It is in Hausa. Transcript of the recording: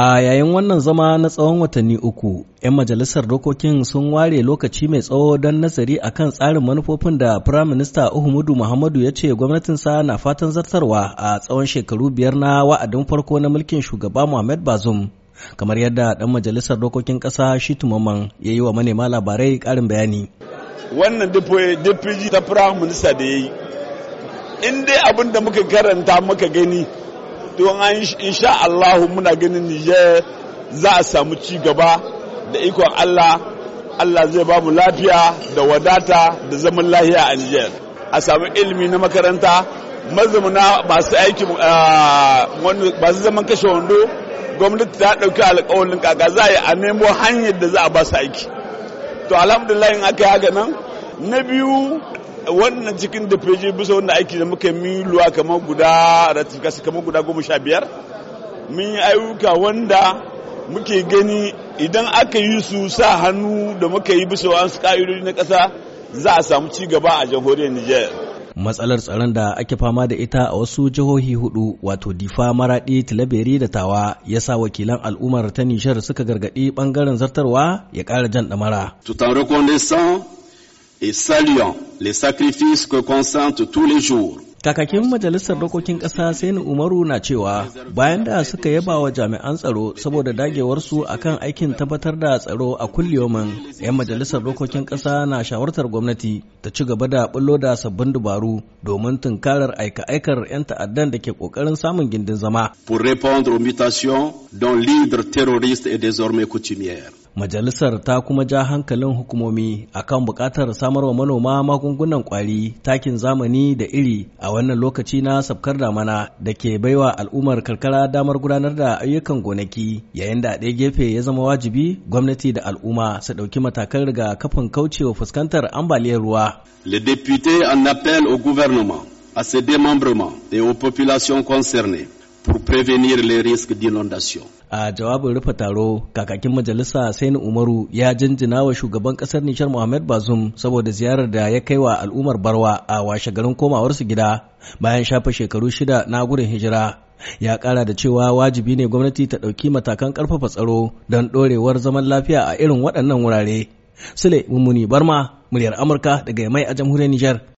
A yayin wannan zama na tsawon watanni uku, 'yan majalisar dokokin sun ware lokaci mai tsawo don nazari a kan tsarin manufofin da Firayim Minista Uhumudu Muhammadu ya ce gwamnatinsa na fatan zartarwa a tsawon shekaru biyar na wa'adin farko na mulkin shugaba Muhammad bazum. Kamar yadda ɗan majalisar dokokin ƙasa shi tumaman ya yi wa manema labarai ƙarin bayani. Wannan ta Firayim Minista da ya yi, in dai abin da muka karanta muka gani don insha Allah muna ganin Nijar za a samu ci gaba da ikon Allah Allah zai ba mu lafiya da wadata da zaman lahiya a Nijar a samu ilimi na makaranta mazamuna masu aiki ah, wani su zaman kashe wando gwamnati ta ɗauki alƙawalin kaka za a yi a nemo hanyar da za a ba su aiki to alhamdulillah in aka yi haka nan na biyu wannan cikin da feji bisa wannan aiki da muka yi luwa kamar guda ratifikasi kamar guda goma sha biyar mun yi ayyuka wanda muke gani idan aka yi su sa hannu da muka yi bisa wasu ƙa'idodi na ƙasa za a samu ci gaba a jamhuriyar Nijar. Matsalar tsaron da ake fama da ita a wasu jihohi hudu wato Difa, maraɗi Tilaberi da Tawa ya sa wakilan al'ummar ta nishar suka gargaɗi ɓangaren zartarwa ya ƙara jan ɗamara. Tout et saluant les sacrifices que consentent tous les jours Kakakin Majalisar Dokokin Ƙasa Sani Umaru na cewa bayan da suka yaba wa jami'an tsaro saboda dagewar dagewarsu kan aikin tabbatar da tsaro a kulliyomin, 'yan Majalisar Dokokin Ƙasa na shawartar gwamnati ta ci gaba da bullo da sabbin dubaru domin tunkarar aika-aikar 'yan ta'addan da ke ƙoƙarin samun gindin zama. Pour répondre aux mutations dont l'hydre terroriste est désormais coutumière. Majalisar ta kuma ja hankalin hukumomi akan samar wa manoma magungunan ƙwari, takin zamani da iri a wannan lokaci na sabkar damana da ke baiwa al'ummar karkara damar gudanar da ayyukan gonaki yayin da ɗaya gefe ya zama wajibi gwamnati da al'umma su ɗauki matakan rigakafin kaucewa fuskantar ambaliyar ruwa. Le député en appel au gouvernement, à ses démembrements et aux populations concernées pour prévenir les risques d'inondation. A jawabin rufe taro, kakakin majalisa Sani Umaru ya jinjina wa shugaban kasar Nishar Muhammad Bazum saboda ziyarar da ya kai wa al'ummar Barwa a washe garin komawarsu gida bayan shafa shekaru shida na gudun hijira. Ya kara da cewa wajibi ne gwamnati ta ɗauki matakan ƙarfafa tsaro don ɗorewar zaman lafiya a irin waɗannan wurare. Sule Mummuni Barma, muryar Amurka daga mai a jamhuriyar Nijar.